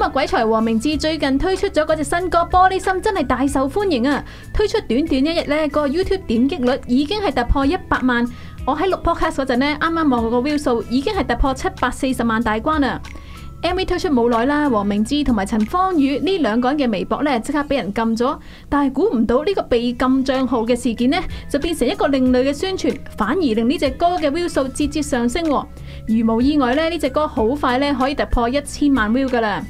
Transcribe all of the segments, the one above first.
今日鬼才黃明志最近推出咗嗰隻新歌《玻璃心》，真係大受歡迎啊！推出短短一日咧，個 YouTube 點擊率已經係突破一百萬我在的。我喺六 Podcast 嗰陣咧，啱啱望過個 view 數已經係突破七百四十萬大關啦。MV 推出冇耐啦，黃明志同埋陳芳語呢兩個人嘅微博咧，即刻俾人禁咗。但係估唔到呢個被禁賬號嘅事件呢，就變成一個另類嘅宣傳，反而令呢隻歌嘅 view 數節節上升，哦。如無意外咧，呢隻歌好快咧可以突破一千萬 view 噶啦。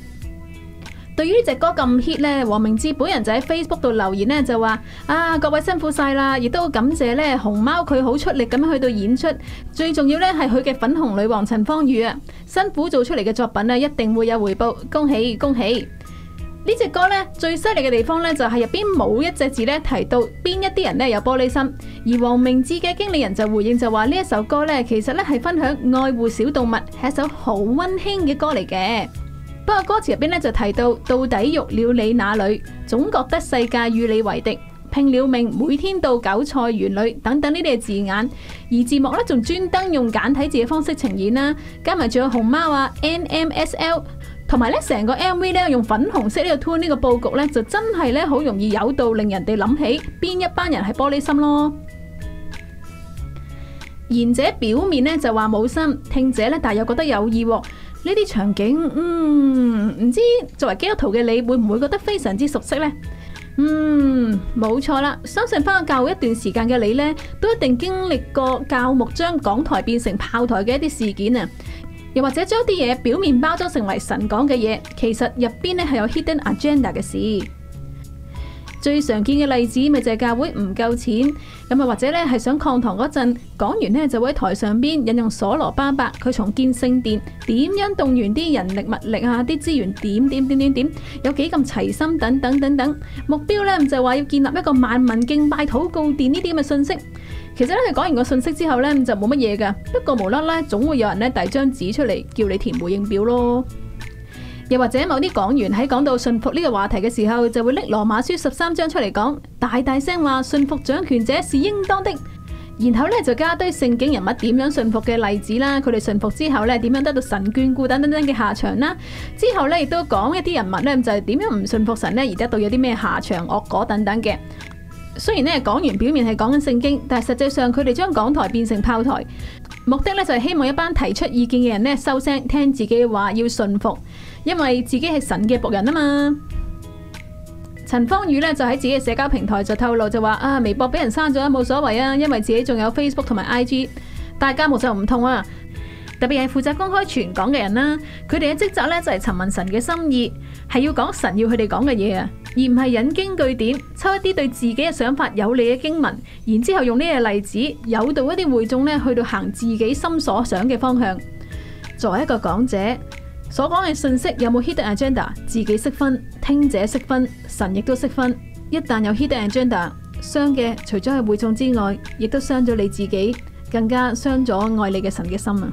對於呢隻歌咁 hit 咧，黃明志本人就喺 Facebook 度留言呢，就話：啊，各位辛苦晒啦，亦都感謝咧，熊貓佢好出力咁去到演出，最重要咧係佢嘅粉紅女王陳芳語啊，辛苦做出嚟嘅作品呢，一定會有回報，恭喜恭喜！這呢隻歌咧最犀利嘅地方咧就係入邊冇一隻字咧提到邊一啲人咧有玻璃心，而黃明志嘅經理人就回應就話：呢一首歌咧其實咧係分享愛護小動物，係一首好温馨嘅歌嚟嘅。嗰個歌詞入邊咧就提到，到底慾了你哪裏？總覺得世界與你為敵，拼了命每天到韭菜園裏等等呢啲嘅字眼，而字幕咧仲專登用簡體字嘅方式呈現啦，加埋仲有熊貓啊，NMSL，同埋咧成個 MV 咧用粉紅色呢個 tune 呢個佈局咧，就真係咧好容易有到令人哋諗起邊一班人係玻璃心咯。言者表面咧就話冇心，聽者咧但係又覺得有意喎。呢啲場景，嗯，唔知作為基督徒嘅你會唔會覺得非常之熟悉呢？嗯，冇錯啦，相信返教會一段時間嘅你呢，都一定經歷過教牧將講台變成炮台嘅一啲事件啊，又或者將啲嘢表面包裝成為神講嘅嘢，其實入邊呢，係有 hidden agenda 嘅事。最常見嘅例子咪就係教會唔夠錢，咁啊或者咧係想抗堂嗰陣，講完呢，就會喺台上邊引用所羅巴伯他，佢重建聖殿點樣動員啲人力物力啊，啲資源點點點點點，有幾咁齊心等等等等，目標咧就係話要建立一個萬民敬拜禱告殿呢啲咁嘅信息。其實咧佢講完個信息之後咧，就冇乜嘢噶，不過無啦啦總會有人咧遞張紙出嚟叫你填回應表咯。.又或者某啲講員喺講到順服呢個話題嘅時候，就會拎羅馬書十三章出嚟講，大大聲話順服掌權者是應當的。然後咧就加堆聖經人物點樣順服嘅例子啦，佢哋順服之後咧點樣得到神眷顧等等等嘅下場啦。之後咧亦都講一啲人物咧就係、是、點樣唔順服神呢，而得到有啲咩下場惡果等等嘅。雖然呢，講員表面係講緊聖經，但係實際上佢哋將講台變成炮台，目的咧就係、是、希望一班提出意見嘅人呢，收聲，聽自己嘅話要順服。因為自己係神嘅僕人啊嘛。陳芳宇咧就喺自己嘅社交平台就透露就話啊，微博俾人刪咗冇所謂啊，因為自己仲有 Facebook 同埋 IG，大家目受唔同啊，特別係負責公開傳講嘅人啦、啊，佢哋嘅職責咧就係尋問神嘅心意，係要講神要佢哋講嘅嘢啊，而唔係引經據典，抽一啲對自己嘅想法有利嘅經文，然之後用呢個例子誘導一啲會眾咧去到行自己心所想嘅方向。作為一個講者。所講嘅信息有冇 hidden agenda？自己識分，聽者識分，神亦都識分。一旦有 hidden agenda，傷嘅除咗係會眾之外，亦都傷咗你自己，更加傷咗愛你嘅神嘅心啊！